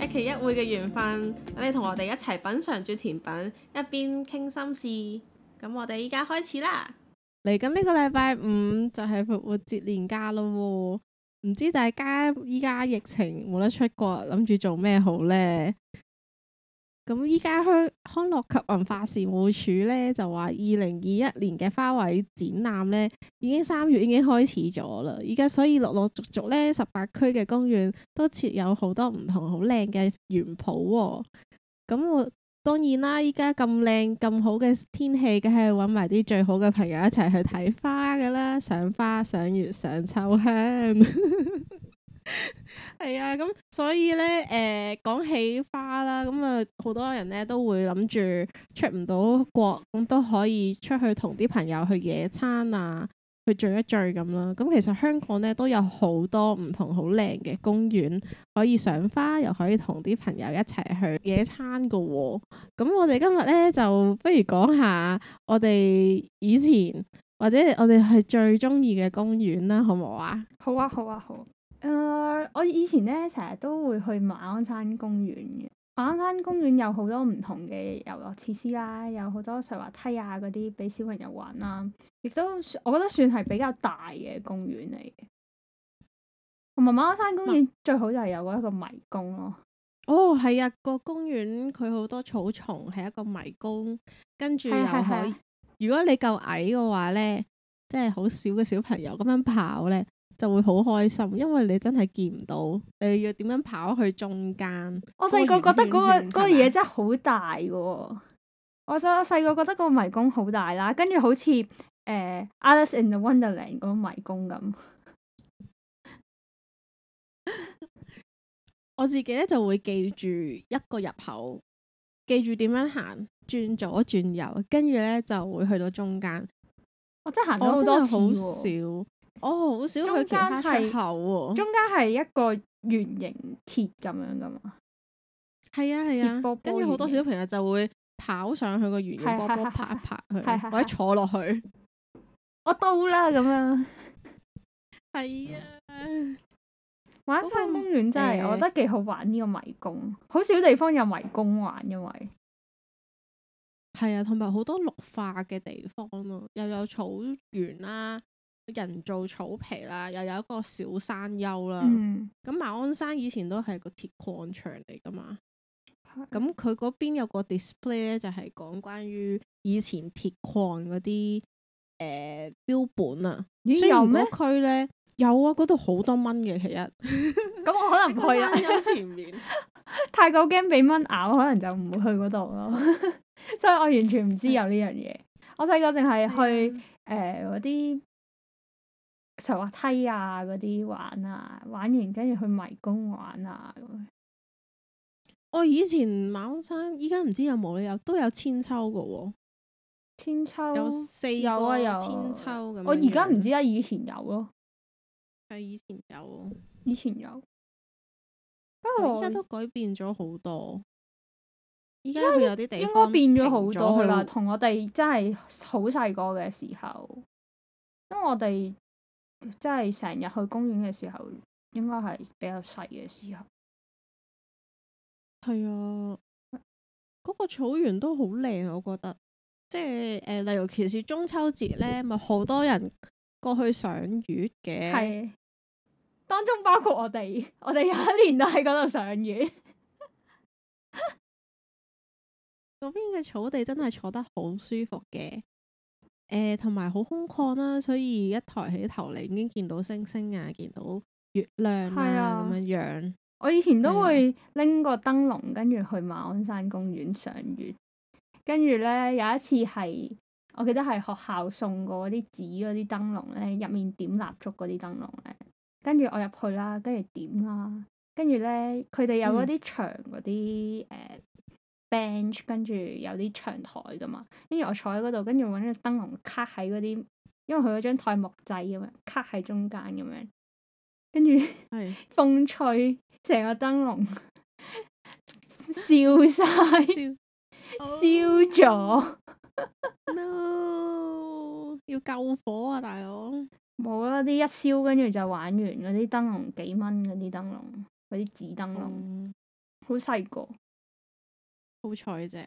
一期一會嘅緣分，等你同我哋一齊品嘗住甜品，一邊傾心事。咁我哋依家開始啦。嚟緊呢個禮拜五就係復活節年假咯，唔知大家依家疫情冇得出國，諗住做咩好呢？咁依家香康樂及文化事務署咧就話，二零二一年嘅花卉展覽咧已經三月已經開始咗啦。依家所以陸陸續續咧，十八區嘅公園都設有好多唔同好靚嘅園圃。咁、嗯、我當然啦，依家咁靚咁好嘅天氣，梗係揾埋啲最好嘅朋友一齊去睇花噶啦，賞花賞月賞秋香。 係 啊，咁所以咧，誒、欸，講起花啦，咁啊，好多人咧都會諗住出唔到國，咁都可以出去同啲朋友去野餐啊，去聚一聚咁啦。咁、嗯、其實香港咧都有好多唔同好靚嘅公園，可以賞花，又可以同啲朋友一齊去野餐噶、哦。咁、嗯、我哋今日咧就不如講下我哋以前或者我哋係最中意嘅公園啦，好唔好啊？好啊，好啊，好。誒，uh, 我以前咧成日都會去馬鞍山公園嘅。馬鞍山公園有好多唔同嘅遊樂設施啦，有好多水滑梯啊，嗰啲俾小朋友玩啦。亦都，我覺得算係比較大嘅公園嚟嘅。同埋馬鞍山公園最好就係有嗰一個迷宮咯。哦，係啊，個公園佢好多草叢，係一個迷宮，跟住又可以。係係係係。如果你夠矮嘅話咧，即係好少嘅小朋友咁樣跑咧。就會好開心，因為你真係見唔到，你要點樣跑去中間？我細個軟 覺得嗰、嗰個嘢真係好大嘅、哦。我我細個覺得個迷宮好大啦，跟住好似誒、呃《Alice in the Wonderland》嗰個迷宮咁。 我自己咧就會記住一個入口，記住點樣行，轉左轉右，跟住咧就會去到中間。我真係行咗好多好、哦、少。哦，好少去佢口係中間係一個圓形鐵咁樣噶嘛，係啊係啊，跟住好多小朋友就會跑上去個圓形波波拍一拍佢，或者坐落去。我到啦咁樣。係啊，馬鞍山、啊啊、 公園真係我覺得幾好玩呢、呢個迷宮，好少地方有迷宮玩，因為係啊，同埋好多綠化嘅地方咯，又有，有草原啦、啊。人造草皮啦，又有一個小山丘啦。咁、嗯、馬鞍山以前都係個鐵礦場嚟㗎嘛。咁佢嗰邊有個 display 咧，就係講關於以前鐵礦嗰啲誒標本啊。所以五區咧有啊，嗰度好多蚊嘅。其實咁 我可能唔去山丘前面， 太過驚俾蚊咬，我可能就唔會去嗰度咯。 所以我完全唔知有呢樣嘢。我細個淨係去誒嗰啲。嗯呃坐滑梯啊，嗰啲玩啊，玩完跟住去迷宮玩啊咁。我、哦、以前馬鞍山，依家唔知有冇咧，有都有鞦韆㗎喎。千秋韆有四有啊，有鞦韆咁。我而家唔知啊，以前有咯。係以前有，以前有。不過依家都改變咗好多。依家佢有啲地方應該變咗好多啦，同去我哋真係好細個嘅時候，因為我哋。即係成日去公園嘅時候，應該係比較細嘅時候。係啊，嗰、那個草原都好靚，我覺得。即係誒，例、呃、如，尤其是中秋節咧，咪好多人過去賞月嘅。係、啊。當中包括我哋，我哋有一年都喺嗰度賞月。嗰邊嘅草地真係坐得好舒服嘅。誒，同埋好空曠啦、啊，所以一抬起頭嚟已經見到星星啊，見到月亮啦、啊，咁、啊、樣樣。我以前都會拎個燈籠，啊、跟住去馬鞍山公園賞月。跟住咧，有一次係我記得係學校送過嗰啲紙嗰啲燈籠咧，入面點蠟燭嗰啲燈籠咧。跟住我入去啦，跟住點啦，跟住咧，佢哋有嗰啲長嗰啲誒。嗯 bench 跟住有啲長台噶嘛，跟住我坐喺嗰度，跟住搵隻燈籠卡喺嗰啲，因為佢嗰張台木製噶嘛，卡喺中間咁樣，跟住是風吹，成個燈籠燒晒，燒咗，no 要救火啊大佬！冇啦，啲一燒跟住就玩完嗰啲燈籠，幾蚊嗰啲燈籠，嗰啲紙燈籠，好細個。好彩啫！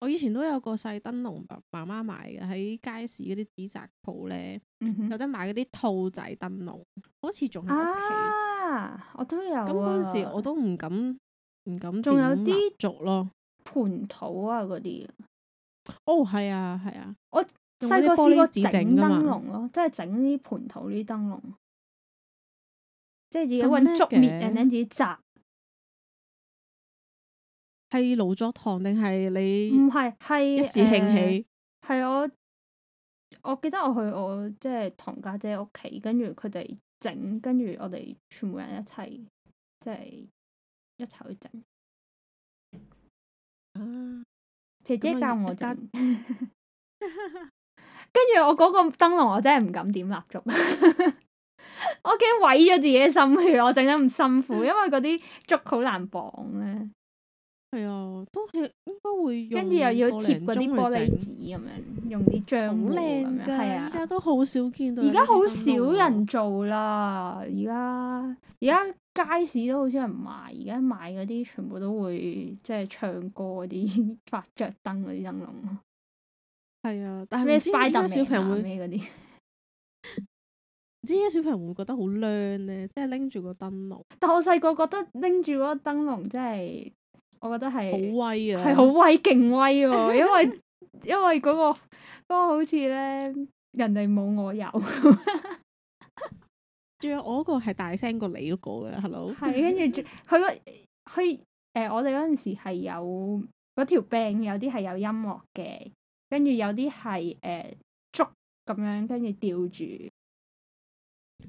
我以前都有個細燈籠，媽媽買嘅喺街市嗰啲紙紮鋪咧，有得、嗯、哼買嗰啲兔仔燈籠，好似仲喺屋企。我都有、啊。咁嗰陣時我都唔敢，唔敢。仲有啲竹咯，盤土啊嗰啲。哦，係、oh, 啊，係啊。我細個試過整燈籠咯，即係整啲盤土啲燈籠，即係自己搵竹篾，然後自己紮。係勞作堂定係你？唔係，係一時興起。係、呃、我我記得我去我即係堂家姐屋企，跟住佢哋整，跟住我哋全部人一齊即係一齊去整。啊、姐姐教我整，跟住、啊、我嗰 個燈籠，我真係唔敢點蠟燭， 我驚毀咗自己嘅心血。我整得咁辛苦，因為嗰啲竹好難綁咧、啊。係啊，都係應該會用，跟住又要貼嗰啲玻璃紙咁做樣，用啲漿好靚噶。係啊，而家都好少見到。而家好少人做啦。而家而家街市都好少人賣。而家賣嗰啲全部都會即係唱歌嗰啲發着燈嗰啲燈籠。係啊，但係而家小朋友咩嗰啲，而家小朋友唔會覺得好娘咧？即係拎住個燈籠。但我細個覺得拎住嗰個燈籠真係。我覺得係好威呀，係好威，勁威喎！因為 因為嗰個嗰個好似咧，人哋冇我有，仲 有我嗰個係大聲過你嗰個嘅。Hello，係跟住佢個佢誒，我哋嗰陣時係有嗰條柄，有啲係有音樂嘅，跟住有啲係誒捉咁樣，跟住吊住。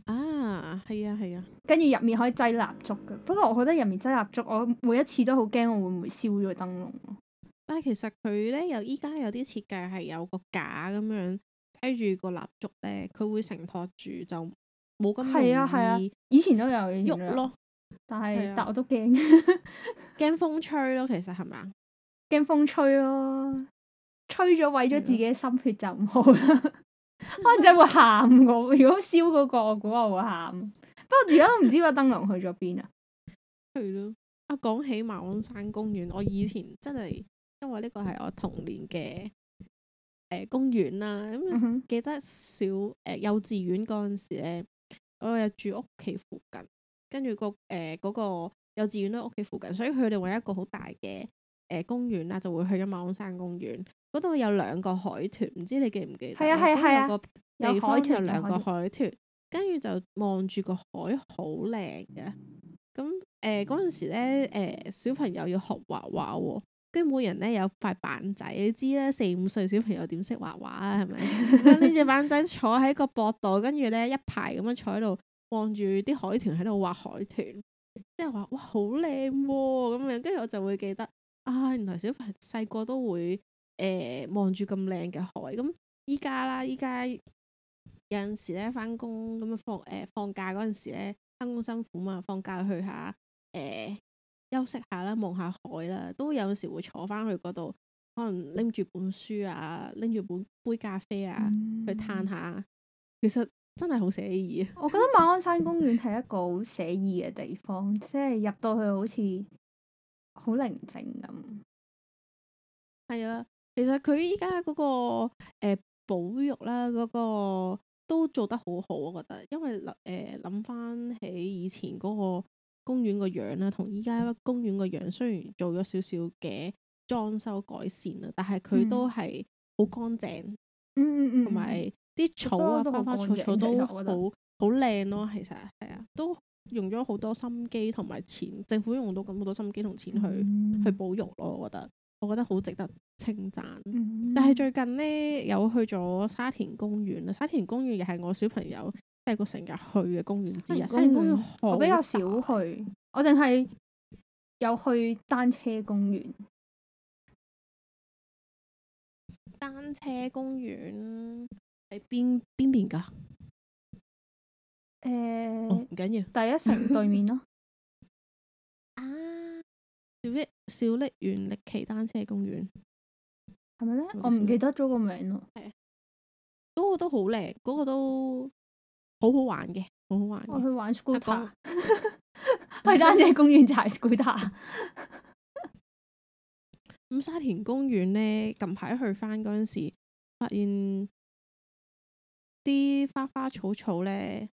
啊，係啊係啊，跟住入面可以擠蠟燭噶不過我覺得入面擠蠟燭，我每一次都好驚我會唔會燒咗燈籠咯。但係其實佢咧，有依家有啲設計係有個架咁樣，擠住個蠟燭咧，佢會承托住就冇咁係啊係啊，以前都有用咯，但係是、啊、但我都驚，驚 風吹咯，其實係咪？驚風吹咯，吹咗毀咗自己嘅心血就唔好啦。 可能真係會喊，我如果燒嗰、嗰個，我估我會喊。不過而家都唔知個燈籠去咗邊啊。係咯， 啊講起馬鞍山公園，我以前真係因為呢個係我童年嘅誒、呃、公園啦。咁、嗯嗯、記得小誒、呃、幼稚園嗰陣時咧，我又住屋企附近，跟住、嗰個誒、呃嗰個幼稚園都屋企附近，所以佢哋有一個好大嘅。誒、呃、公園啦、啊，就會去咗馬鞍山公園嗰度，有兩個海豚，唔知你記唔記得？係啊係啊，有海豚有兩個海豚，海豚跟住就望住個海好靚嘅。咁誒嗰陣時咧，誒、呃、小朋友要學畫畫喎、哦，跟住每人咧有塊板仔，你知啦，四五歲小朋友點識畫畫啊？係咪？呢隻 板仔坐喺個膊度，跟住咧一排咁樣坐喺度望住啲海豚喺度畫海豚，即係話哇好靚喎咁樣，跟住我就，就會記得。啊！原來小朋細個都會誒望住咁靚嘅海。咁依家啦，依家有陣時咧翻工咁放誒、呃、放假嗰陣時咧，翻工辛苦嘛，放假去下誒、呃、休息下啦，望下海啦，都有陣時會坐翻去嗰度，可能拎住本書啊，拎住本杯咖啡啊、嗯、去嘆下。其實真係好寫意。我覺得馬鞍山公園係一個好寫意嘅地方，即係入到去好似～好寧靜咁，係啊，其實佢依家嗰個誒、呃、保育啦，嗰、嗰個都做得好好，我覺得，因為諗誒諗翻起以前嗰個公園個樣啦，同依家公園個樣雖然做咗少少嘅裝修改善啊，但係佢都係好乾淨，同埋啲草啊，花花、嗯嗯嗯嗯嗯嗯、草草都好好靚咯，嗯嗯嗯其實係啊，都。用咗好多心機同埋錢，政府用到咁好多心機同錢去、嗯、去保育咯，我覺得我覺得好值得稱讚。嗯、但係最近呢，有去咗沙田公園啦，沙田公園又係我小朋友即係個成日去嘅公園之一。沙田公園我比較少去，我淨係有去單車公園。單車公園喺邊邊邊㗎？邊邊誒，唔緊要，哦、第一城對面咯。 啊，小瀝小瀝源瀝源單車公園係咪咧？吧我唔記得咗個名咯。係啊，嗰、嗰個都好靚，嗰、嗰個都好好玩嘅，好好玩。我、哦、去玩 scooter 去單車公園就係、係、scooter 咁，沙田公園咧，近排去翻嗰陣時，發現啲花花草草咧。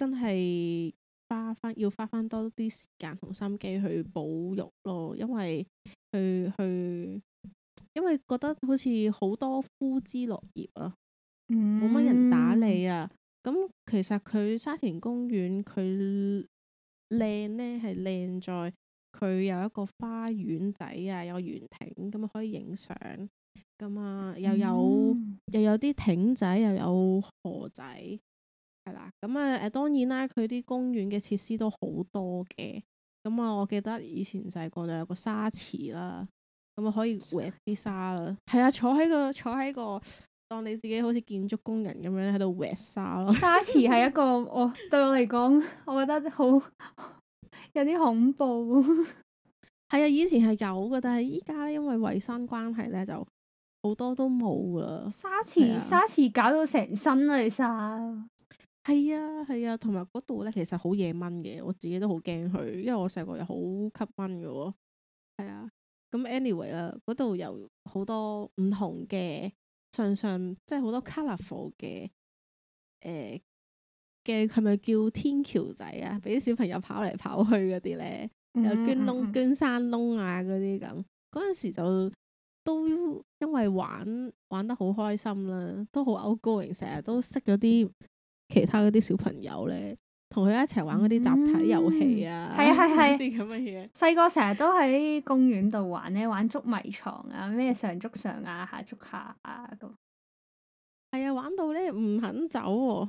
真係花翻要花翻多啲時間同心機去保育咯，因為去去，因為覺得好似好多枯枝落葉啊，冇乜、嗯、人打理啊。咁、嗯嗯、其實佢沙田公園佢靚呢係靚在佢有一個花園仔啊，有園亭咁啊，可以影相咁啊，又有、嗯、又有啲艇仔，又有河仔。係啦，咁啊，誒，當然啦，佢啲公園嘅設施都好多嘅。咁、嗯、啊，我記得以前細個就有個沙池啦，咁、嗯、啊，可以掘啲沙啦。係池啊，坐喺個坐喺個，當你自己好似建築工人咁樣喺度掘沙咯。沙池係一個我 對我嚟講，我覺得好有啲恐怖。係 啊，以前係有嘅，但係依家咧，因為衛生關係咧，就好多都冇啦。沙池沙池搞到成身都係沙。係啊，係啊，同埋嗰度咧，其實好夜蚊嘅，我自己都好驚佢，因為我細個又好吸蚊噶喎。係啊，咁 anyway 啦、啊，嗰度有好多唔同嘅，常常即係好多 colorful 嘅，誒嘅係咪叫天橋仔啊？俾啲小朋友跑嚟跑去嗰啲咧，又捐窿、捐、hmm. mm hmm. 山窿啊那那，嗰啲咁嗰陣時就都因為玩玩得好開心啦，都好 outgoing，成日都識咗啲。其他嗰啲小朋友咧，同佢一齊玩嗰啲集體遊戲啊，係係係啲咁嘅嘢。細個成日都喺公園度玩咧，玩捉迷藏啊，咩上捉上啊，下捉下，下啊，咁係啊，玩到咧唔肯、啊、肯走，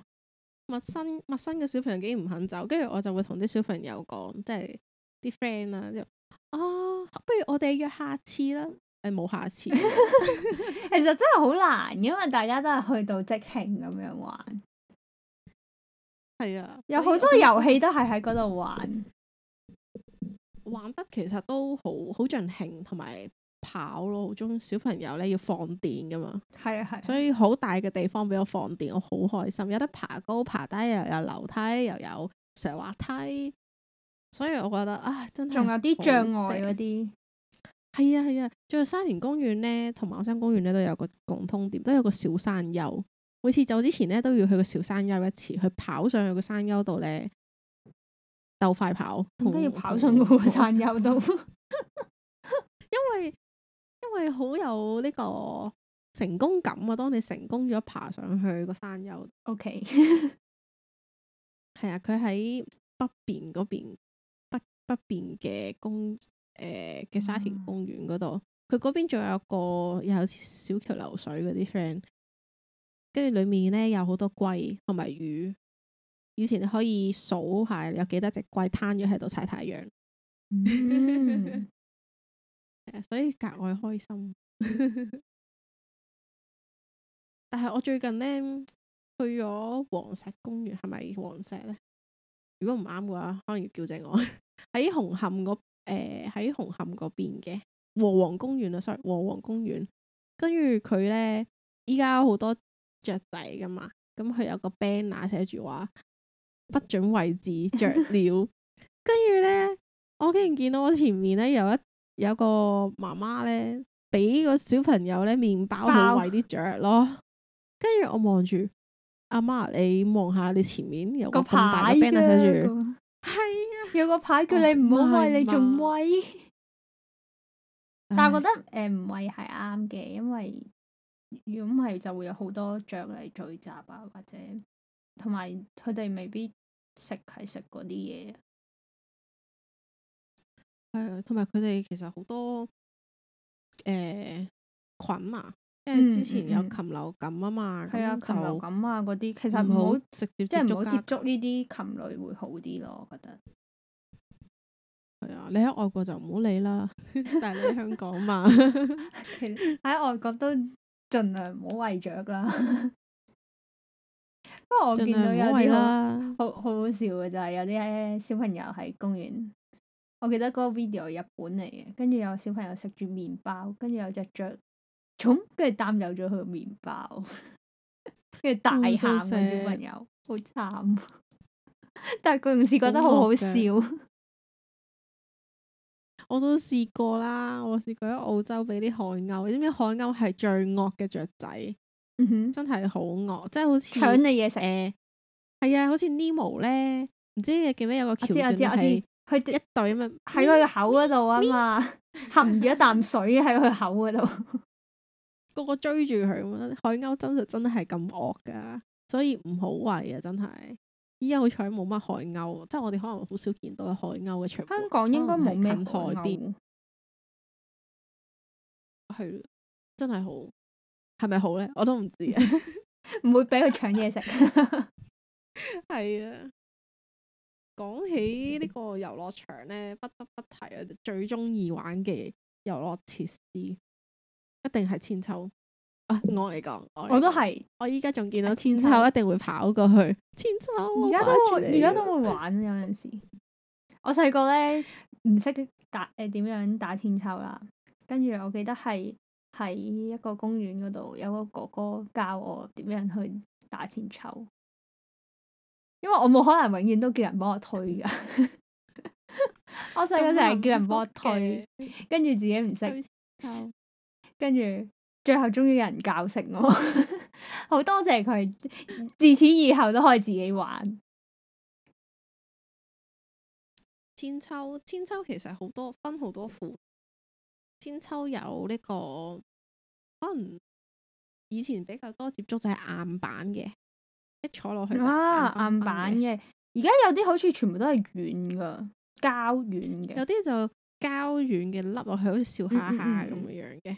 陌生陌生嘅小朋友竟然唔肯走，跟住我就會同啲小朋友講、啊，即係啲 friend 啦，啊，不如我哋約下次啦，誒、哎、冇下次， 其實真係好難，因為大家都係去到即興咁樣玩。係啊，有好多遊戲都係喺嗰度玩，玩得其實都好好盡興，同埋跑咯，好中小朋友咧要放電噶嘛，係啊係，啊所以好大嘅地方俾我放電，我好開心，有得爬高爬低，又有樓梯，又有上滑梯，所以我覺得唉啊，真係仲有啲障礙嗰啲，係啊係啊，仲、啊、有沙田公園咧同馬鞍山公園咧都有個共通點，都有個小山丘。每次走之前咧，都要去個小山丘一次，去跑上去個山丘度咧，鬥快跑。點解要跑上個山丘度？ 因為因為好有呢個成功感啊！當你成功咗爬上去個山丘，OK。 係啊，佢喺北邊嗰邊北北邊嘅公誒嘅沙田公園嗰度，佢嗰邊仲有個有小橋流水嗰啲 friend。跟住裏面呢，有好多龜同埋魚，以前可以數下有幾多隻龜攤咗喺度曬太陽，mm hmm. 所以格外開心。 但係我最近呢，去咗黃石公園，係咪黃石呢？如果唔啱嘅話，可能要糾正我。喺 紅磡誒，喺、呃、紅磡嗰邊嘅和黃公園啊，sorry，和黃公園。跟住佢呢，依家好多。雀仔噶嘛，咁、嗯、佢有個 banner 寫住話不准餵飼雀鳥，跟住咧，我竟然見到我前面咧有一有一個媽媽咧，俾個小朋友咧麵包去喂啲雀咯，跟住爆我望住阿媽，你望下你前面有個咁大個牌寫住，係著、那個、啊，有個牌叫你唔好喂，媽媽你仲喂，唉但係覺得誒唔喂係啱嘅，因為。如果唔係，就會有好多雀嚟聚集啊，或者同埋佢哋未必食係食嗰啲嘢。係啊，同埋佢哋其實好多誒、欸、菌啊，因為之前有禽流感啊嘛，啊，禽流感啊嗰啲，其實唔好別 直接即係唔好接觸呢啲禽類會好啲咯、啊，我覺得係啊，你喺外國就唔好理啦，但係你喺香港嘛， 其實喺外國都。盡量唔好餵雀啦。不 過 我見到有啲好好好笑嘅就係、是、有啲小朋友喺公園。我記得嗰個 video 係日本嚟嘅，跟住有小朋友食住麵包，跟住有隻雀，咁跟住擔走咗佢麵包，跟 住大喊個小朋友，好慘。 但係佢同時覺得好好笑。我都試過啦，我試過喺澳洲俾啲海鷗，你知唔知海鷗係最惡嘅雀仔？哼、mm hmm.，真係好惡，即係好似搶你嘢食。係啊、欸，好似 Nemo 咧，唔知你記唔記得有個橋段係佢一隊啊嘛，喺佢個口嗰度啊嘛，含住一啖水喺佢口嗰度， 個個追住佢啊嘛。海鷗真實真係咁惡噶，所以唔好餵啊，真係。依家好彩冇乜海鷗，即係我哋可能好少見到有海鷗嘅場。香港應該冇咩海鷗。係，真係好，係咪好咧？我都唔知。唔會俾佢搶嘢食。係啊，講起個遊樂呢個遊樂場咧，不得不提啊，最中意玩嘅遊樂設施，一定係千秋。我嚟講，我都係，我依家仲見到千秋，秋一定會跑過去。千秋而家都而家都會玩，有陣時。我細個咧唔識打誒點、呃、樣打千秋啦，跟住我記得係喺一個公園嗰度，有個哥哥教我點樣去打千秋。因為我冇可能永遠都叫人幫我推㗎， 我細個成日叫人幫我推，跟住自己唔識， 跟住。最後終於有人教識我，好多謝佢，自此以後都可以自己玩。千秋，千秋其實好多分好多款。千秋有呢、這個可能以前比較多接觸就係硬板嘅，一坐落去硬彬彬彬啊硬板嘅。而家有啲好似全部都係軟噶，膠軟嘅。有啲就膠軟嘅，凹落去好似笑哈哈咁樣樣嘅。嗯嗯嗯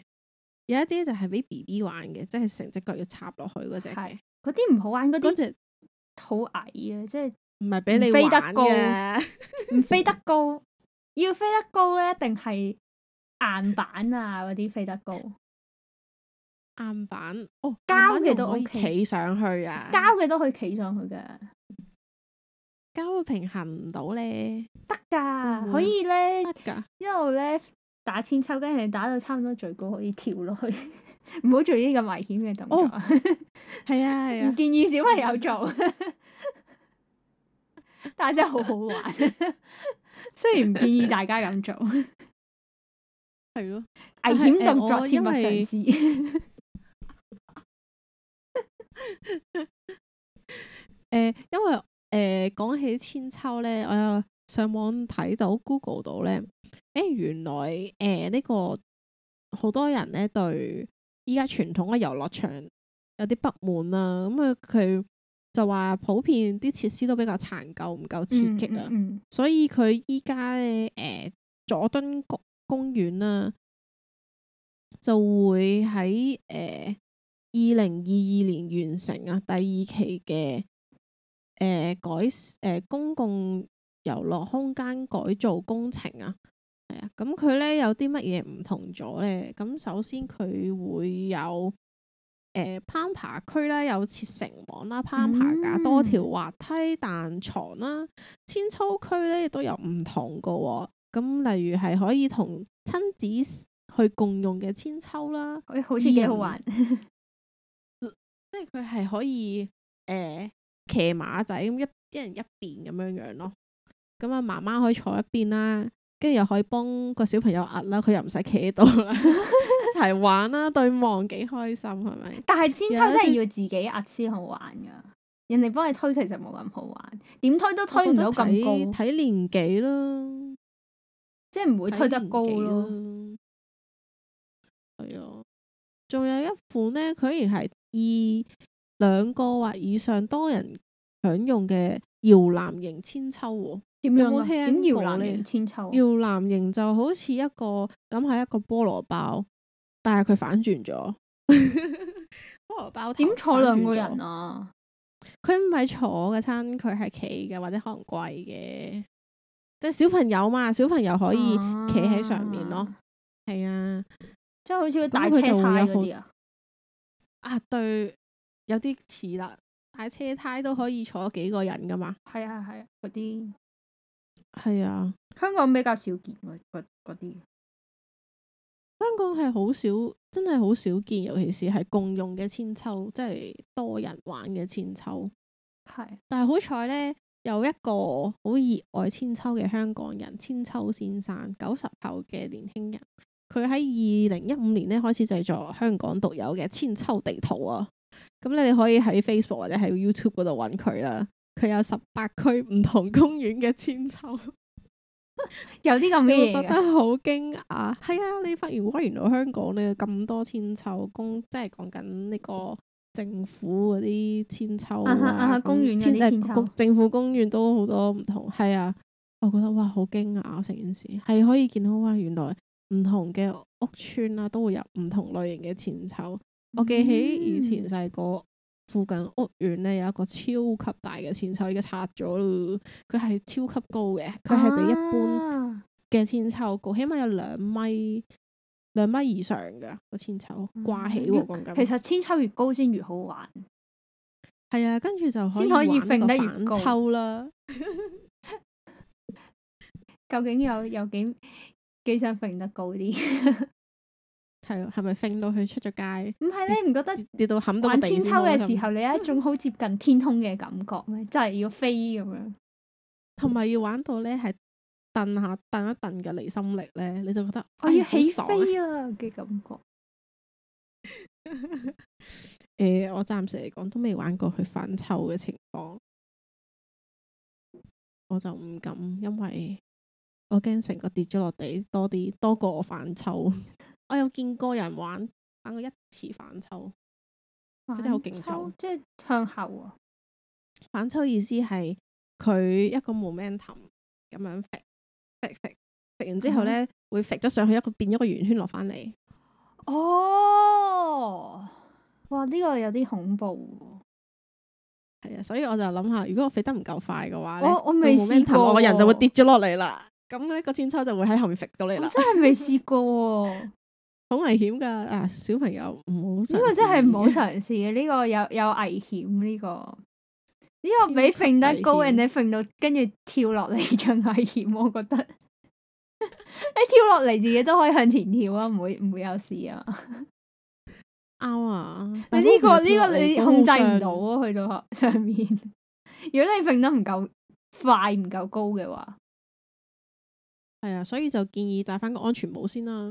有一啲就係俾 B B 玩嘅，即係成隻腳要插落去嗰隻。係。嗰啲唔好玩，嗰啲。好矮啊！即係。唔係俾你玩嘅。飛得高。唔 飛得高，要飛得高咧，一定係硬板啊！嗰啲飛得高。硬板。哦。膠嘅都可以企上去啊！膠嘅都可以企上去嘅。膠會平衡唔到咧。得噶、嗯，可以咧。得噶。嗯、一路咧。打千秋，跟住打到差唔多最高，可以跳落去。唔 好做呢啲咁危險嘅動作。係、哦、啊，唔建議小朋友做。但係真係好好玩， 雖然唔建議大家咁做。係咯，呃、危險動作千不嘗試。誒、 呃，因為誒，講、呃、起千秋咧，我有上網睇到 Google 度咧。原來誒呢、呃這個好多人咧對依家傳統嘅遊樂場有啲不滿啦、啊，咁啊佢就話普遍啲設施都比較殘舊，唔夠刺激啊，嗯嗯嗯、所以佢依家咧誒佐敦谷公園啦、啊、就會喺誒二零二二年完成啊第二期嘅、呃、改誒、呃、公共遊樂空間改造工程啊。咁佢咧有啲乜嘢唔同咗呢？咁首先佢會有、呃、攀爬區啦，有設繩網啦，攀爬架，嗯、多條滑梯、彈床啦。千秋區咧亦都有唔同噶、喔，咁例如係可以同親子去共用嘅千秋啦。誒，好似幾好玩，人 即係佢係可以誒騎、呃、馬仔咁一啲人一邊咁樣樣咯。咁啊，媽媽可以坐一邊啦。跟住又可以幫個小朋友壓啦，佢又唔使企喺度啦， 一齊玩啦，對望幾開心係咪？是是但係千秋真係要自己壓先好玩噶，人哋幫你推其實冇咁好玩，點推都推唔到咁高。睇年紀咯，即係唔會推得高咯。係啊，仲有一款咧，佢而係二兩個或以上多人享用嘅搖籃型千秋啊。點樣啊？有冇聽過？點搖籃型鞦韆？搖籃型就好似一個諗下一個菠蘿包，但係佢反轉咗 菠蘿包。點坐兩個人啊？佢唔係坐嘅，餐，佢係企嘅，或者可能跪嘅。即係小朋友嘛，小朋友可以企喺上面咯。係啊，即係、啊、好似個大車胎嗰啲啊。啊，對，有啲似啦。大車胎都可以坐幾個人㗎嘛？係啊，係啊，嗰啲、啊。係啊，香港比較少見嗰嗰啲，香港係好少，真係好少見，尤其是係共用嘅千秋，即係多人玩嘅千秋。係，但係好彩呢，有一個好熱愛千秋嘅香港人，千秋先生，九十後嘅年輕人，佢喺二零一五年呢開始製作香港獨有嘅千秋地圖啊。咁，嗯，你哋可以喺 Facebook 或者喺 YouTube 嗰度揾佢啦。佢有十八區唔同公園嘅鞦韆 有，有啲咁嘅，覺得好驚訝。係 啊， 你發現哇，原來香港有咁多鞦韆公，即係講緊呢個政府嗰啲鞦韆，啊啊啊啊，公園，嗯、政府公園都好多唔同。係 啊，我覺得哇，好驚訝。成件事係可以見到哇，原來唔同嘅屋村啊，都會有唔同類型嘅鞦韆。我記起以前細個。嗯附近屋苑咧有一個超級大嘅千秋，而家拆咗啦。佢係超級高嘅，佢係比一般嘅千秋高，啊、起碼有兩米兩米以上噶個千秋掛起。嗯、其實千秋越高先越好玩。係啊，跟住就可以先可以揈得越高啦。 究竟有有幾幾想揈得高啲？ 係咯，係咪飛到佢出咗街？唔係咧，你唔覺得跌，跌到冚到地？玩韆鞦嘅時候，樣你有一種好接近天空嘅感覺咩？就係 要飛咁樣，同埋要玩到咧，係蹬下蹬一蹬嘅離心力咧，你就覺得我要起飛啊嘅、哎啊、感覺。誒、 呃，我暫時嚟講都未玩過佢反抽嘅情況，我就唔敢，因為我驚成個跌咗落地多啲，多過我反抽。我有見過有人玩玩過一次反抽，佢秋真係好勁抽，即係向後啊！反抽意思係佢一個 momentum 咁樣揈揈揈揈，完之後咧，嗯、會揈咗上去一個變咗個圓圈落翻嚟。哦，哇！呢、呢個有啲恐怖。係啊，所以我就諗下，如果我揈得唔夠快嘅話咧，我未 momentum，我人就會跌咗落嚟啦。咁呢個韆鞦就會喺後面揈到你啦。真係未試過。 好危險噶！啊，小朋友唔好嘗試，呢個真係唔好嘗試，呢個有有危險，呢個呢個比揈得高，人哋揈到跟住跳落嚟更危險，我覺得。 你跳落嚟自己都可以向前跳啊，唔 會唔會有事啊？啱啊吧！你呢個呢個你控制唔到啊，上去到上面。 如果你揈得唔夠快、唔夠高嘅話，係啊，所以就建議帶翻個安全帽先啦，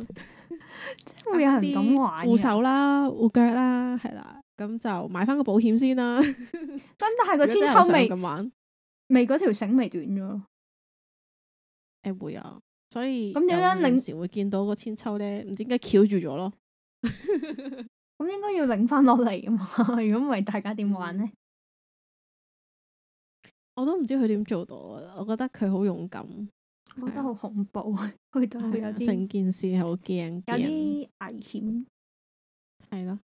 即 差點 會有人咁玩護手啦、護腳啦，係啦，咁就買翻個保險先啦。但係個千秋未咁 玩，未嗰條繩未斷咗咯。誒、欸、會有、啊，所以咁點樣領時會見到個千秋咧？唔知點解翹住咗咯？咁 應該要領翻落嚟嘛？如果唔係，大家點玩咧？ 我都唔知佢點做到，我覺得佢好勇敢。我覺得好恐怖啊！佢都係有成件事好驚，有危險。係咯。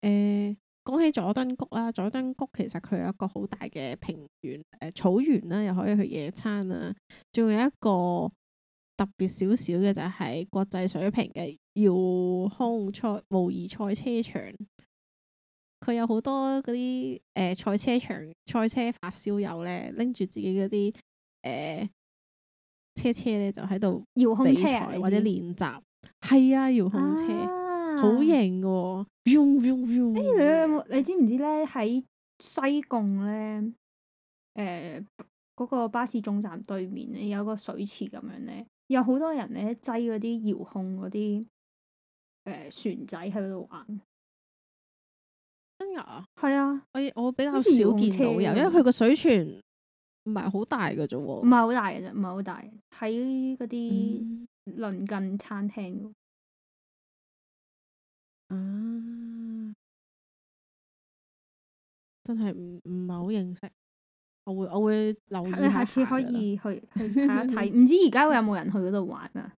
誒、欸，講起佐敦谷啦，佐敦谷其實佢有一個好大嘅平原誒草原啦、啊，又可以去野餐啊。仲有一個特別少少嘅就係國際水平嘅遙控賽模擬賽車場。佢有好多嗰啲誒賽車場、賽車發燒友呢，拎住自己嗰啲。誒、呃，車車咧就喺度遙控車、啊、或者練習，係 啊遙控車，好型嘅。誒，你你知唔知咧喺西貢咧？誒、呃，嗰、嗰個巴士總站對面咧有個水池咁樣咧，有好多人咧擠嗰啲遙控嗰啲誒船仔喺度玩。真噶、哎呀？係啊，我我比較少見到，因為佢個水泉、啊。唔係好大㗎咋喎，唔係好大㗎咋，唔係好大，喺嗰啲鄰近餐廳咯。嗯啊、真係唔唔係好認識，我會我會留意下。下次可以去去睇一睇，唔 知而家會有冇人去嗰度玩啊？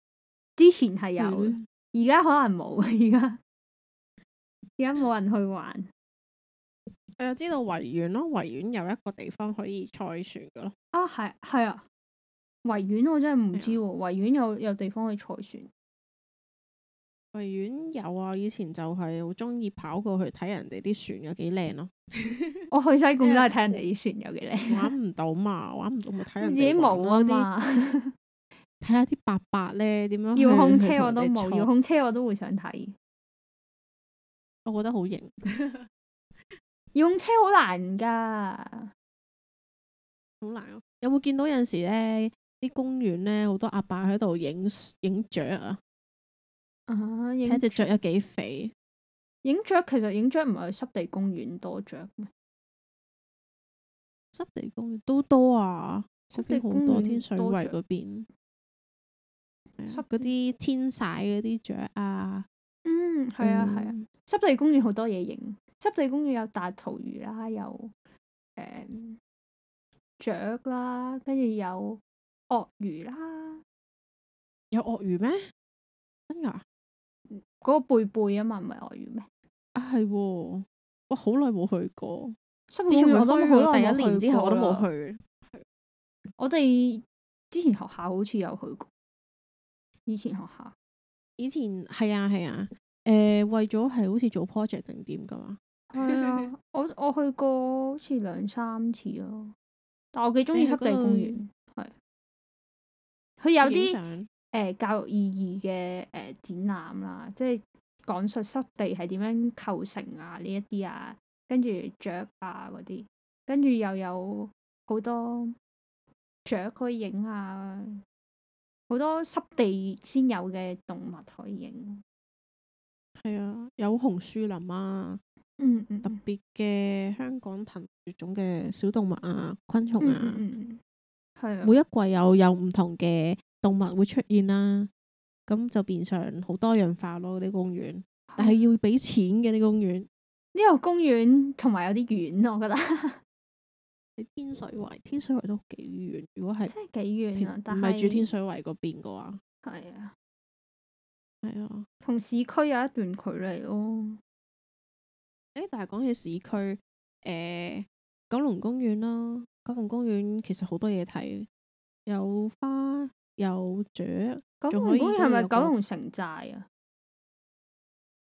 之前係有，而家的可能冇，而家而家冇人去玩。我又知道維園咯，維園有一個地方可以賽船噶咯。啊，係係啊，維園我真係唔知，維園、啊、有有地方可以賽船。維園有啊，以前就係好中意跑過去睇人哋啲船有幾靚咯。啊、 我去西貢都係睇人哋啲船有幾靚。 玩唔到嘛，玩唔到咪睇人哋、啊。自己冇啊，睇下啲伯伯咧，點 樣？遙控車我都冇，遙控車我都會想睇。我覺得好型。 遙控車好難噶，好難、啊。有冇見到有陣時咧，啲公園咧好多阿爸喺度影影雀啊！睇隻、啊、雀有幾肥。影雀其實影雀唔係濕地公園多雀咩？濕地公園都多啊，濕地公園天水圍嗰邊，濕嗰啲天晒嗰啲雀啊。嗯，係啊，係啊，濕、啊、地公園好多嘢影。濕地公園有大頭魚啦，有誒雀、嗯、啦，跟住有鱷魚啦。有鱷魚咩？真噶？嗰個貝貝啊嘛，唔係鱷魚咩？啊係喎！我好耐冇去過濕地公園，我去第一年之後我都冇去。我哋之前學校好似有去過，以前學校，以前係啊係啊，誒、呃、為咗係好似做 project 定點噶嘛。係啊， 我我去過好似兩三次咯，但我幾中意濕地公園，係佢有啲誒裡、呃、教育意義嘅誒展覽啦，即係講述濕地係點樣構成啊呢一啲啊，跟住雀啊嗰啲，跟住又有好多雀可以影啊，好多濕地先有嘅動物可以影，係啊，有紅樹林啊。嗯嗯，特別嘅香港瀕絕種嘅小動物啊，昆蟲啊，係啊、嗯嗯嗯，每一季有有唔同嘅動物會出現啦、啊，咁就變相好多樣化咯。嗰啲公園，但係要俾錢嘅啲公園，呢個公園同埋有啲遠，我覺得喺天 水圍，天水圍都幾遠。如果係即係幾遠唔係住天水圍嗰邊嘅話，係啊的，係啊的，同市區有一段距離咯。誒，但係講起市區，誒、呃，九龍公園啦，九龍公園其實好多嘢睇，有花有雀。九龍公園係咪九龍城寨啊？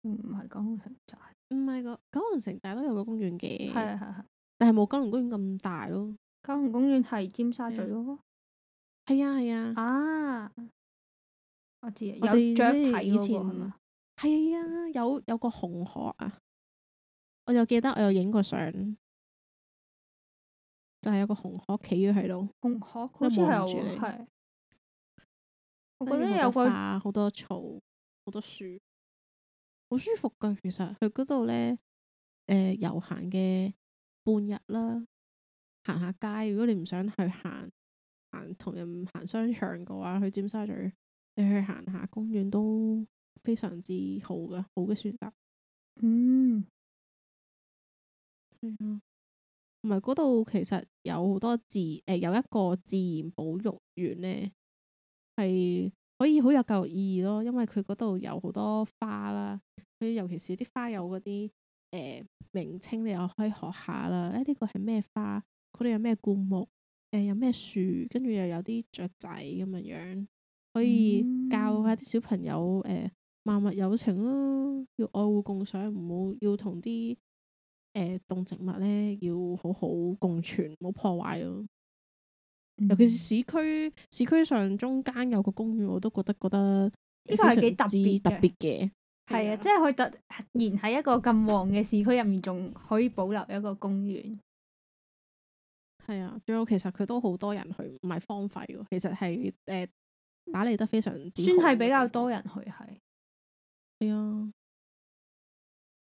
唔係九龍城寨，唔係個九龍城寨都有個公園嘅，係係係，但係冇九龍公園咁大咯。九龍公園係尖沙咀咯、那個，係啊係啊。啊，我知，有雀睇嗰個，係啊，有有個紅鶴啊。我就記得我有影過相，就係、是、有個紅鶴企咗喺度。紅鶴好似係有，係。我覺得有，有個好多草，好多樹，好舒服㗎。其實去嗰度呢，誒、呃、遊行嘅半日啦，行下街。如果你唔想去行行同人行商場嘅話，去尖沙咀你去行下公園都非常之好㗎，好嘅選擇。嗯。嗯，同埋嗰度其實有好多自誒、呃，有一個自然保育園呢，係可以好有教育意義咯。因為佢嗰度有好多花啦，所以尤其是啲花有嗰啲誒名稱，你又可以學下啦。誒、呃，呢個係咩花？佢哋有咩灌木？誒、呃，有咩樹？跟住又有啲雀仔咁嘅樣，可以教下啲小朋友誒，萬、呃、物有情咯，要愛護共享，唔好要同啲。誒，動植物咧，要好好共存，唔好破壞咯。尤其是市區，市區上中間有個公園，我都覺得覺得呢個係幾特別嘅。係啊，即係佢突然喺一個咁旺嘅市區入面，仲可以保留一個公園。係啊，仲、呃、有其實佢都好多人去，唔係荒廢嘅，其實係誒打理得非常之好，算係比較多人去係。係啊。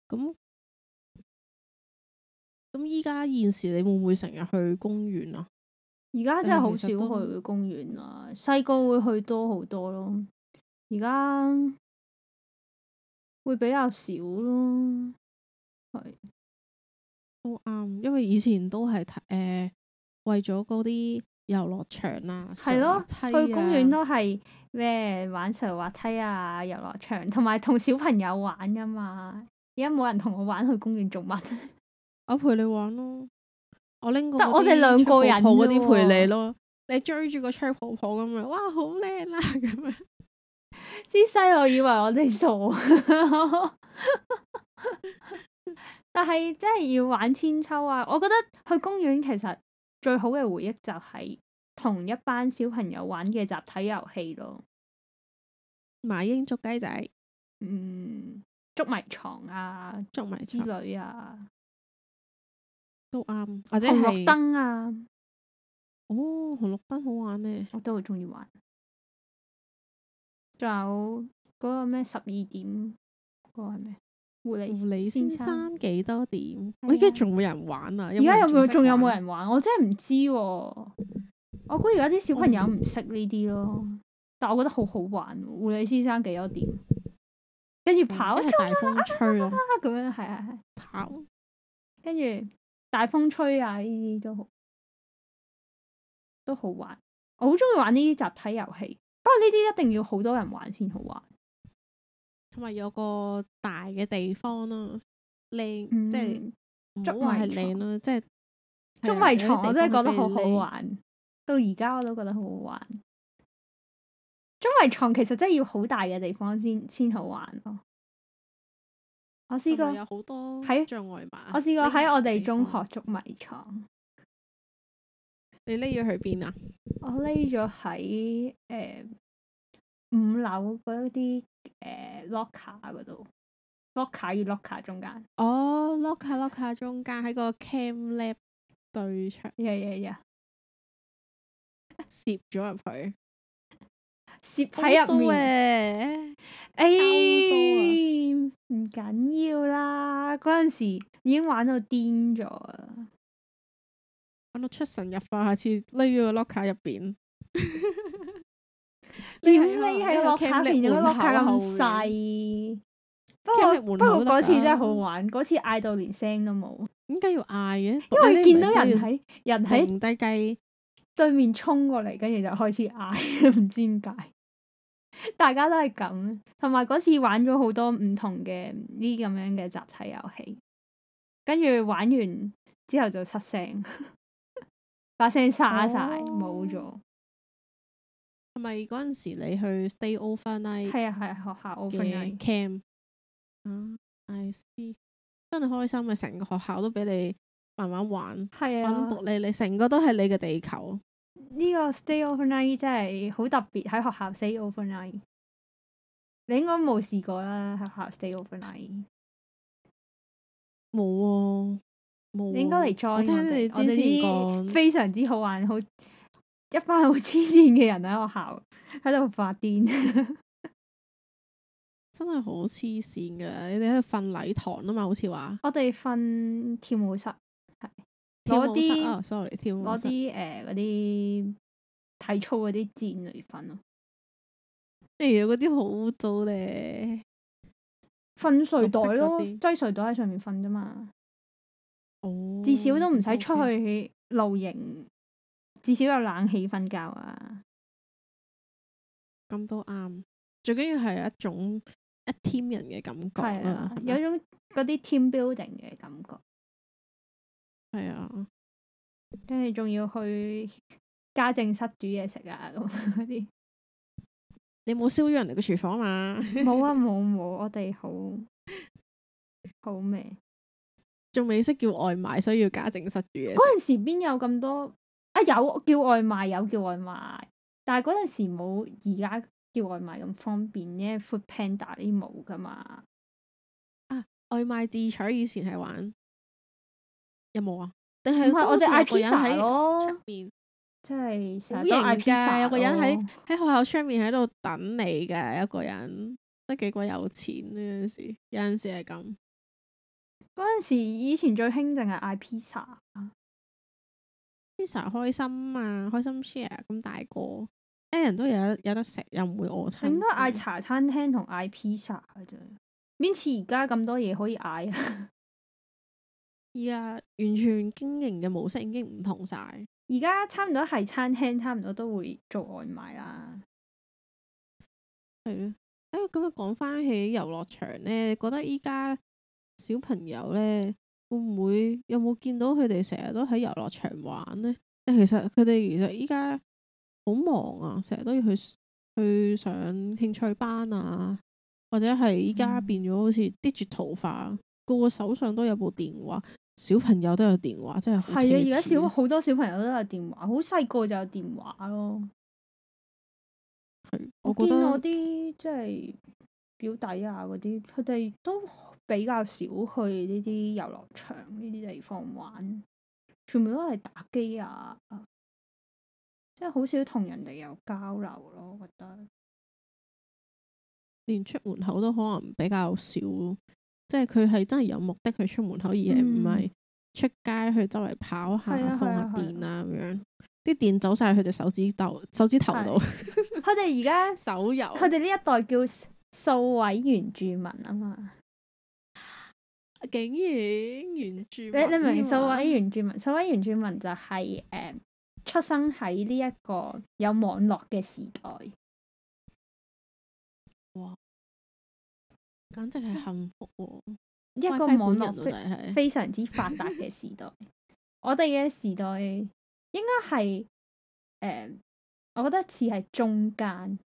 咁。咁依家現時你會唔會成日去公園啊？而家真係好少去公園啊。細個會去多好多咯，而家會比較少咯。係，都啱、哦嗯，因為以前都係誒、呃、為咗嗰啲遊樂場啊，滑、哦、梯、啊、去公園都係咩玩長滑梯啊、遊樂場，同埋同小朋友玩噶嘛。而家冇人同我玩，去公園做乜？ 我陪你玩咯，我拎個得我哋兩個人嗰啲陪你咯， 你追住個吹泡泡咁樣，哇好靚啊咁樣，黐線，我以為我哋傻。 但係真係要玩千秋啊！我覺得去公園其實最好嘅回憶就係同一班小朋友玩嘅集體遊戲咯，麻鷹捉雞仔，嗯，捉迷藏啊，捉迷之旅啊。都啱，或者紅綠燈啊，哦紅綠燈好玩咧，我都好中意玩。仲有嗰個咩十二點嗰、嗰個係咩狐狸先生幾多點？我依家仲冇人玩啊！而家有冇仲有冇人，人玩？我真係唔知喎、啊。我估而家啲小朋友唔識呢啲咯，嗯、但我覺得好好玩。狐狸先生幾多點？跟住跑、啊、大風吹咯，咁樣係啊，係、啊啊、跑，跟住。大風吹啊！呢啲都好，都好玩。我好鍾意玩呢啲集體遊戲，不過呢啲一定要好多人玩先好玩。同埋有個大嘅地方咯，靚、嗯、即係捉迷藏係靚咯、啊，即係捉迷藏我真係覺得好好玩，的到而家我都覺得好好玩。捉迷藏其實真係要好大嘅地方先先好玩咯。我試過有好多喺障礙物。我試過喺我哋中學捉迷藏。你匿咗去邊啊？我匿咗喺誒五樓嗰啲誒、呃、locker 嗰度，locker 與 locker 中間。哦、oh，locker，locker 中間喺個 cam lab 對牆。呀呀呀！攝咗入去，攝喺入面。好好哎，唔緊要啦，嗰陣時已經玩到癲咗啊！玩到出神入化，下次匿咗個 locker 入邊。點匿喺 locker 入邊？locker 咁細。不過不過嗰次真係好玩，嗰次嗌到連聲都冇。點解要嗌嘅，因為見到人喺人喺停低雞，對面衝過嚟，跟住就開始嗌，唔知點解。大家都係咁，同埋嗰次玩咗好多唔同嘅呢啲咁樣嘅集體遊戲，跟住玩完之後就失聲， 把聲沙晒冇咗。係咪嗰陣時你去 stay overnight？係啊，係啊，學校 overnight camp 啊，I see，真係開心啊！成個學校都俾你慢慢玩，玩足、啊、你，你成個都係你嘅地球。呢個 stay overnight 真係好特別，喺學校 stay overnight，你應該冇試過啦。喺學校 stay overnight 冇喎，冇、啊。啊、你應該嚟 join。我聽你之前講非常之好玩，好講一班好黐線嘅人喺學校喺度發癲， 真係好黐線噶！你哋喺度瞓禮堂啊嘛，好似話我哋瞓跳舞室。攞啲啊，sorry，攞啲誒嗰啲體操嗰啲墊嚟瞓咯。例如嗰啲好污糟咧，瞓睡袋咯，擠睡袋喺上面瞓啫嘛。Oh, 至少都唔使出去露營，okay. 至少有冷氣瞓覺啊。咁都啱。最緊要係一種一 team 人嘅感覺啦，啊、嗎有一種嗰啲 team building 嘅感覺。係是啊，跟住仲要去家政室煮嘢食啊，咁嗰啲。你冇燒咗人哋嘅廚房嘛？冇啊，冇冇， 我哋好好咩？仲未識叫外賣，所以要家政室煮嘢。嗰陣時邊有咁多？啊有叫外賣，有叫外賣，但係嗰陣時冇而家叫外賣咁方便，因為 Foodpanda 啲冇㗎嘛。啊，外賣自取以前係玩。有冇啊？唔係是，多數 我哋嗌 pizza 咯，即係成日嗌 pizza 有個人喺喺學校出面喺度等你嘅，一個人得幾鬼有錢。呢陣時有陣時係咁。嗰陣時以前最興淨係嗌 pizza，pizza 開心啊，開心 share，咁大個啲人都有有得食，又唔會餓親。頂多嗌茶餐廳同嗌 pizza 嘅啫，邊似而家咁多嘢可以嗌啊！ 而家、yeah, 完全經營嘅模式已經唔同晒，而家差唔多係餐廳，差唔多都會做外賣啦。係咯，咁啊，講翻、哎、起遊樂場呢，覺得依家小朋友呢，會唔會有冇見到佢哋成日都喺遊樂場玩呢？其實佢哋其實依家好忙啊，成日都要去去上興趣班啊，或者係依家變咗好似 digital 化。嗯個個手上都有部電話，小朋友都有電話，真係係啊！而家小好多小朋友都有電話，好細個就有電話咯。我覺得我啲即係表弟啊嗰啲，佢哋都比較少去呢啲遊樂場呢啲地方玩，全部都係打機啊，即係好少同人哋有交流咯。我覺得連出門口都可能比較少。即係佢係真係有目的去出門口，而係唔係出街去周圍跑下、放、嗯、下電啊咁樣。啲電走晒佢隻手指頭、手指頭度。佢哋而家手遊油，佢哋呢一代叫數位原住民啊嘛。竟然原住民你？你你明唔明數位原住民？數位原住民就係、是、誒、嗯，出生喺呢一個有網絡嘅時代。簡直係幸福喎，一個網絡非、就係，非常之發達嘅時代。 我哋嘅時代應該係誒，我覺得似係中間。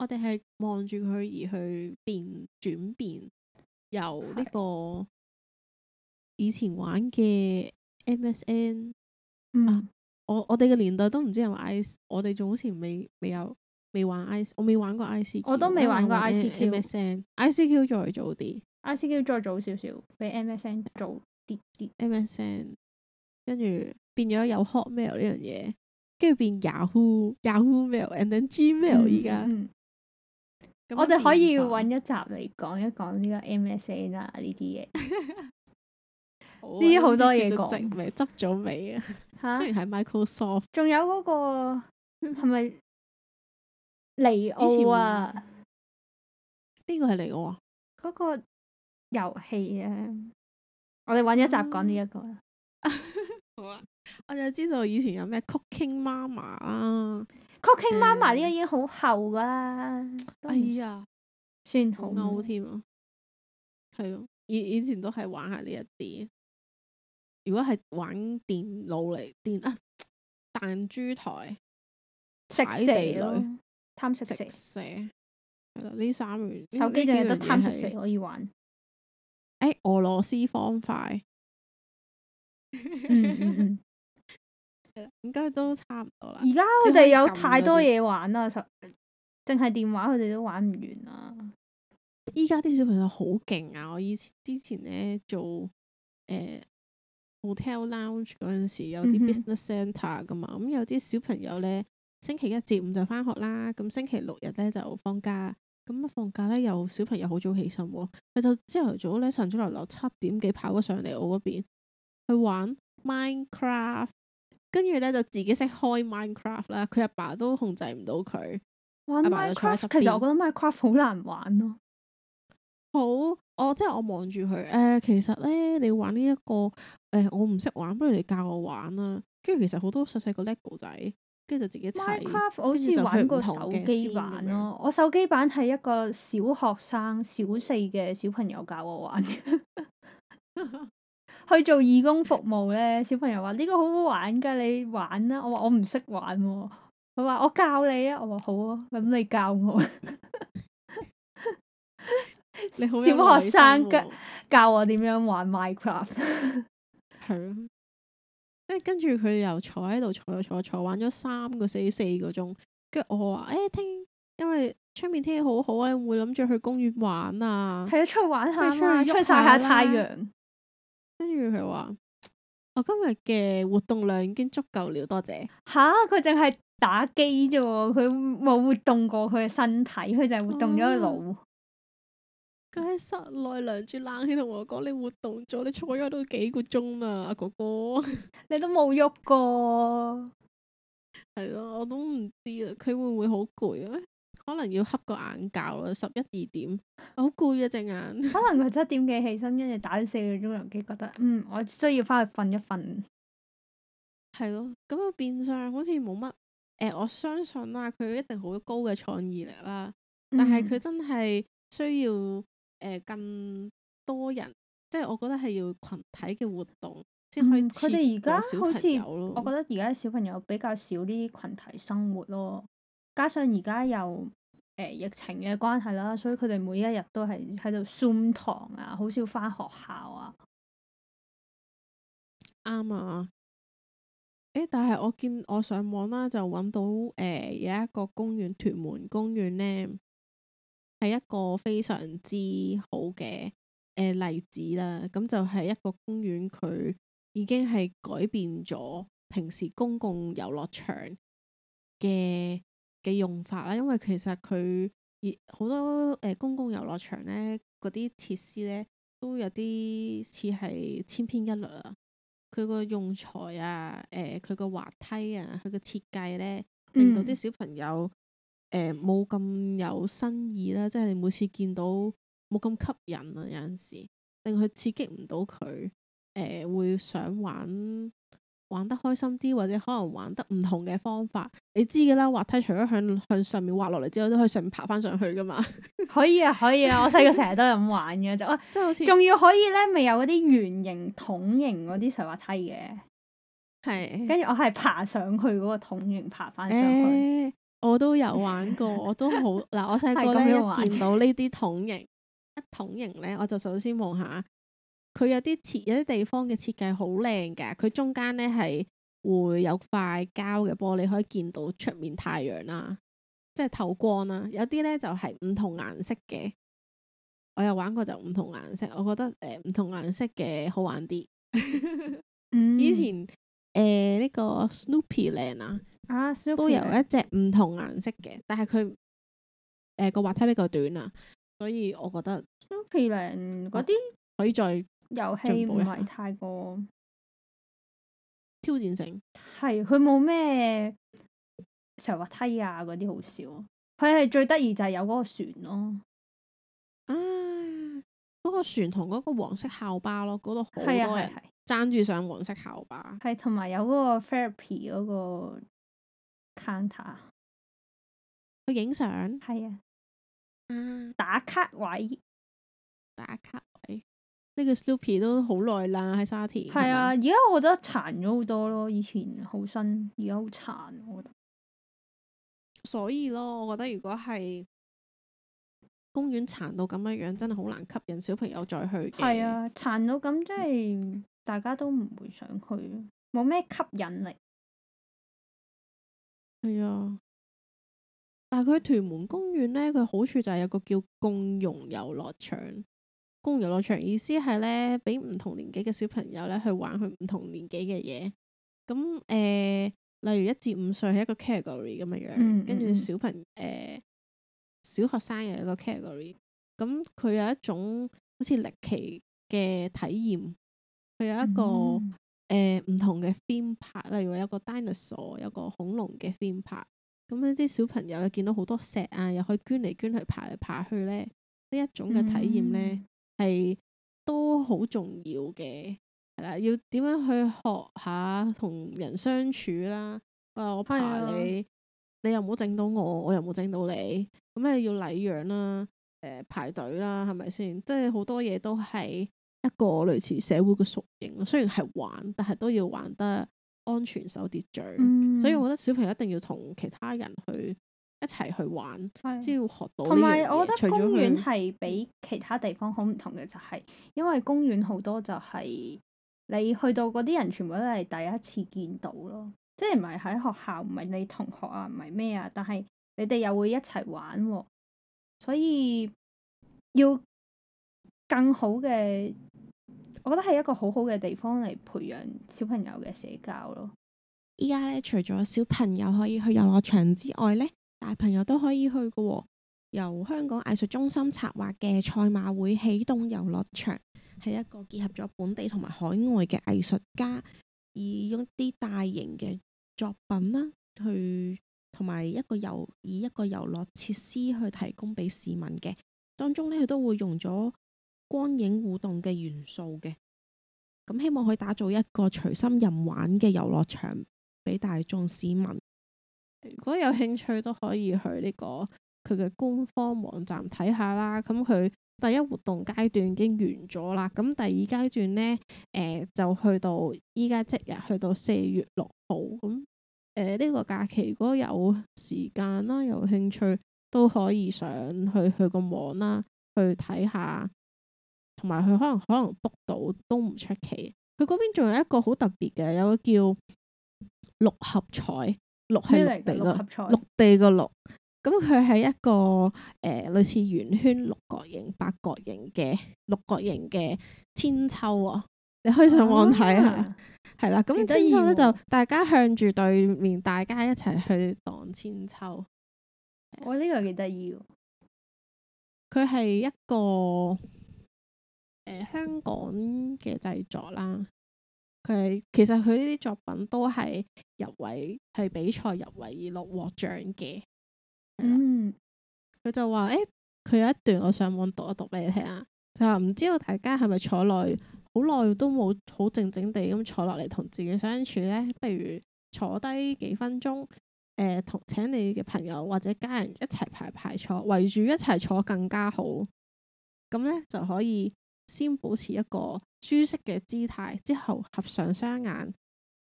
我哋係望住佢而去變轉變，由呢個以前玩嘅 MSN，我我哋嘅年代都唔知有冇 ICQ，我哋仲好似未未有。未玩 I，我未玩過 I C Q。我都未玩過 I C Q。M S N，I C Q 再早啲。I C Q 再早少少，比 M S N 早啲啲。M S N 跟住變咗有 Hotmail 呢樣嘢，跟住變 Yahoo，Yahoo Mail，and then Gmail 而家。我哋可以揾一集嚟講一講呢個 M S N 啊，呢啲嘢，呢啲好多嘢講，未執咗未啊？吓，雖然係 Microsoft。仲有嗰個係咪？尼奧啊！邊個係尼奧啊？嗰個遊戲啊！我哋搵一集講呢一個。嗯、 好啊！我就知道以前有咩 Cooking Mama 啊，Cooking 嗯 Mama 呢個已經好厚㗎啦、啊。哎呀，算好歐添啊！係咯、啊， 以以前都係玩下呢一啲。如果係玩電腦嚟電腦啊，彈珠台、食蛇咯。貪食蛇，係啦，呢三樣。手機就得貪食蛇可以玩。誒、欸，俄羅斯方塊，嗯，係應該都差唔多啦。而家佢哋有太多嘢玩啦，實淨係電話佢哋都玩唔完啦、啊。依家啲小朋友好勁啊！我以前之前咧做誒、呃、hotel lounge 嗰陣時，有啲 business center 噶嘛，咁、嗯、哼有啲小朋友咧。星期一至五就翻學啦，咁星期六日咧就放假，咁放假咧有小朋友好早起身、哦，佢就朝頭早咧晨早流流七點幾跑咗上嚟我嗰邊去玩 Minecraft，跟住咧就自己識開 Minecraft 啦，佢阿爸，爸都控制唔到佢。玩 Minecraft 其實我覺得 Minecraft 好難玩咯、哦。好，我即係我望住佢，誒、呃，其實咧你玩呢、這、一個，誒、呃，我唔識、呃、識玩，不如你教我玩啦。跟住其實好多細細個 Lego 仔。Minecraft 好似玩過手機版咯，啊、麼我手機版係一個小學生小四嘅小朋友教我玩。 去做義工服務咧。小朋友話呢、呢個好好玩㗎，你玩啦。我話我唔識玩喎、啊，佢話我教你啊。我話好啊，咁你教我。 啊、小學生教我點樣玩 Minecraft。係咯。跟住佢又坐喺度坐坐坐玩咗三個四四個鐘，跟住我話誒、欸、聽，因為出面天氣好好啊，你會諗住去公園玩啊？係啊，出去玩下嘛，出去曬下下太陽。跟住佢話：我今日嘅活動量已經足夠了，多謝。吓、啊，佢淨係打機咋喎，佢冇活動過佢嘅身體，佢淨係活動咗個腦。啊佢喺室內涼住冷氣，同我講：你活動咗，你坐咗都幾個鐘啊，哥哥。 你都冇喐過，係咯，我都唔知啊。佢會唔會好攰啊？可能要瞌個眼覺咯，十一二點。好攰啊，隻眼。可能佢七點幾起身，跟住打咗四個鐘遊戲，人覺得嗯，我需要翻去瞓一瞓。係咯，咁、那個變相好似冇乜。誒、呃，我相信啦，佢一定好高嘅創意力啦。但係佢真係需要、嗯。誒、呃，更多人，即係我覺得係要群體嘅活動先、嗯、可以刺激小朋友咯。我覺得而家小朋友比較少啲群體生活咯，加上而家又誒、呃、疫情嘅關係啦，所以佢哋每一日都係喺度 Zoom 堂啊，好少返學校啊。啱啊！誒、欸，但係我見我上網啦，就揾到誒有一個公園，屯門公園咧。係一個非常之好嘅，誒、呃、例子啦，咁就係一個公園，佢已經係改變咗平時公共遊樂場嘅嘅用法啦。因為其實佢而好多誒、呃、公共遊樂場呢，嗰啲設施呢，都有啲似係千篇一律啊。佢個用材啊，誒佢個滑梯啊，佢個設計呢，令到啲小朋友、嗯。誒，冇咁、呃、有新意啦，即係你每次見到冇咁吸引啊，有陣時令佢刺激唔到佢，誒、呃，會想玩玩得開心啲，或者可能玩得唔同嘅方法。你知噶啦，滑梯除咗向向上面滑落嚟之後，都可以喺上面爬翻上去噶嘛。可以啊，可以啊，我細個成日都係咁玩嘅，就啊，即係好似仲要可以咧，咪有嗰啲圓形、筒形嗰啲上滑梯嘅，係是。跟住我係爬上去嗰個筒形爬翻上去。欸我都有玩過，我都好嗱， 我細個咧一見到呢啲桶形， 一桶形咧，我就首先望下，佢有啲設，有啲地方嘅設計好靚㗎，佢中間咧係會有塊膠嘅玻璃可以見到出面太陽啦、啊，即係透光啦、啊。有啲咧就係、是、唔同顏色嘅，我又玩過就唔同顏色，我覺得誒唔、呃、同顏色嘅好玩啲。 以前誒呢、呃這個 Snoopy 靚啊！啊，小 u 都有一隻唔同顏色嘅，啊、但係佢誒個滑梯比較短啊，所以我覺得 s u p 嗰啲可以再遊戲唔係太過挑戰性，係佢冇咩成滑梯啊嗰啲，好少，佢係最得意就係有嗰個船咯，啊嗰、嗰個船同嗰個黃色校巴咯，嗰度好多人爭住上黃色校巴，係同埋有嗰個 therapy 嗰、嗰個。Counter. 去影相，係啊，嗯，打卡位，打卡位，呢、這個 Sloopy 都好耐啦，喺沙田。係啊，而家吧我覺得殘咗好多咯，以前好新，而家好殘，我覺得。所以咯，我覺得如果係公園殘到咁樣樣，真係好難吸引小朋友再去嘅。係啊，殘到咁，即係大家都唔會想去，冇咩吸引力。係啊，但係佢屯門公園呢，佢好處就係有個叫共融遊樂場。共融遊樂場意思係呢，俾唔同年紀嘅小朋友呢去玩佢唔同年紀嘅嘢。咁誒、呃，例如一至五歲係一個 category 咁樣樣，嗯嗯嗯跟住小朋誒、呃、小學生又有一個 category。咁佢有一種好似歷奇嘅體驗，佢有一個。嗯嗯誒、呃、唔同嘅 theme park 啦，例如有一個 dinosaur，有個恐龍嘅 theme park，咁咧啲小朋友又見到好多石啊，又可以捐嚟捐去，爬嚟爬去咧，呢一種嘅體驗咧係都好重要嘅，係啦，要點樣去學下同人相處啦，啊，我爬你，的你又冇整到我，我又冇整到你，咁、嗯、咧要禮讓啦，誒、呃、排隊啦，係咪先？即係好多嘢都係。一個類似社會嘅縮影咯，雖然係玩，但係都要玩得安全，守秩序，嗯、所以我覺得小朋友一定要同其他人去一齊去玩，的只要學到。同埋，我覺得公園係比其他地方好唔同嘅，就是，就係因為公園好多就係你去到嗰啲人全部都係第一次見到咯，即係唔係喺學校，唔係你同學啊，唔係咩啊，但係你哋又會一齊玩，所以要更好嘅。我覺得係一個好好嘅地方嚟培養小朋友嘅社交咯。依家咧，除咗小朋友可以去遊樂場之外咧，大朋友都可以去㗎喎。由香港藝術中心策劃嘅賽馬會起動遊樂場，係一個結合咗本地同埋海外嘅藝術家，以用一啲大型嘅作品啦，去同埋一個遊以一個遊樂設施去提供俾市民嘅。當中咧，佢都會用咗。光影互動嘅元素嘅，咁希望可以打造一個隨心任玩嘅遊樂場俾大眾市民。如果有興趣，都可以去呢、個佢嘅官方網站睇下啦。咁佢第一活動階段已經完咗啦，咁第二階段呢，誒、呃、就去到依家即日去到四月六號。咁誒呢個假期如果有時間啦，有興趣都可以上去佢個網啦，去睇下。同埋佢可能可能 book 到都唔出奇，佢嗰邊仲有一個好特別嘅，有個叫六合彩，六係六地六合彩，六地個六，咁佢係一個誒、呃、類似圓圈六角形、八角形嘅六角形嘅千秋啊，你可以上網睇下，係、oh, yeah. 啦，咁千秋咧就大家向住對面，大家一齊去蕩千秋，我呢、oh, 個幾得意，佢係一個。誒、呃，香港嘅製作啦，佢其實佢呢啲作品都係入圍，係比賽入圍而六獲獎嘅。呃、嗯，佢就話：，誒、欸，佢有一段我上網讀一讀俾你聽啊。就話唔知道大家係咪坐耐好耐都冇好靜靜地咁坐落嚟同自己相處呢？不如坐低幾分鐘，誒、呃，同請你嘅朋友或者家人一齊排排坐，圍住一齊坐更加好。咁呢就可以。先保持一個舒適嘅姿態，之後合上雙眼，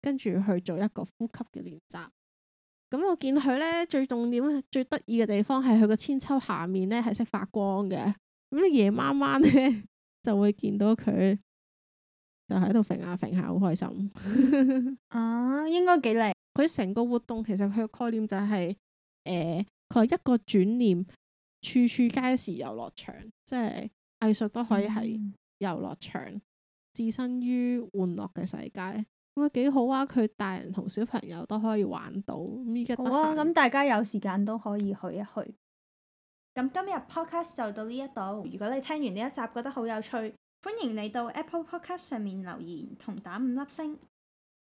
跟住去做一個呼吸嘅練習。咁、嗯、我見佢呢，最重點最得意嘅地方係佢個鞦韆下面呢係識發光嘅，咁、嗯、夜晚晚呢， 就會見到佢就喺度揈下揈下，好開心。 啊，應該幾靚？佢成個活動其實佢嘅概念就係佢話一個轉念，處處皆是遊樂場，即係。藝術都可以係遊樂場，嗯、置身於玩樂嘅世界咁啊，幾好啊！佢大人同小朋友都可以玩到咁，而家啊！咁大家有時間都可以去一去。咁今日 Podcast 就到呢一度。如果你聽完呢一集覺得好有趣，歡迎你到 Apple Podcast 上面留言同打五粒星。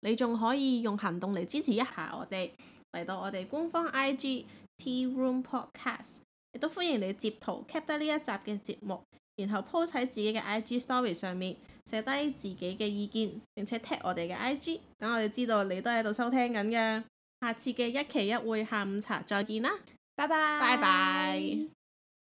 你仲可以用行動嚟支持一下我哋嚟到我哋官方 IG Tea Room Podcast，亦都歡迎你截圖 Keep 得呢一集嘅節目。然後 po 喺自己嘅 I G story 上面寫低自己嘅意見，並且 tag 我哋嘅 I G，咁我哋知道你都喺度收聽緊嘅。下次嘅一期一會下午茶再見啦，拜拜。拜拜。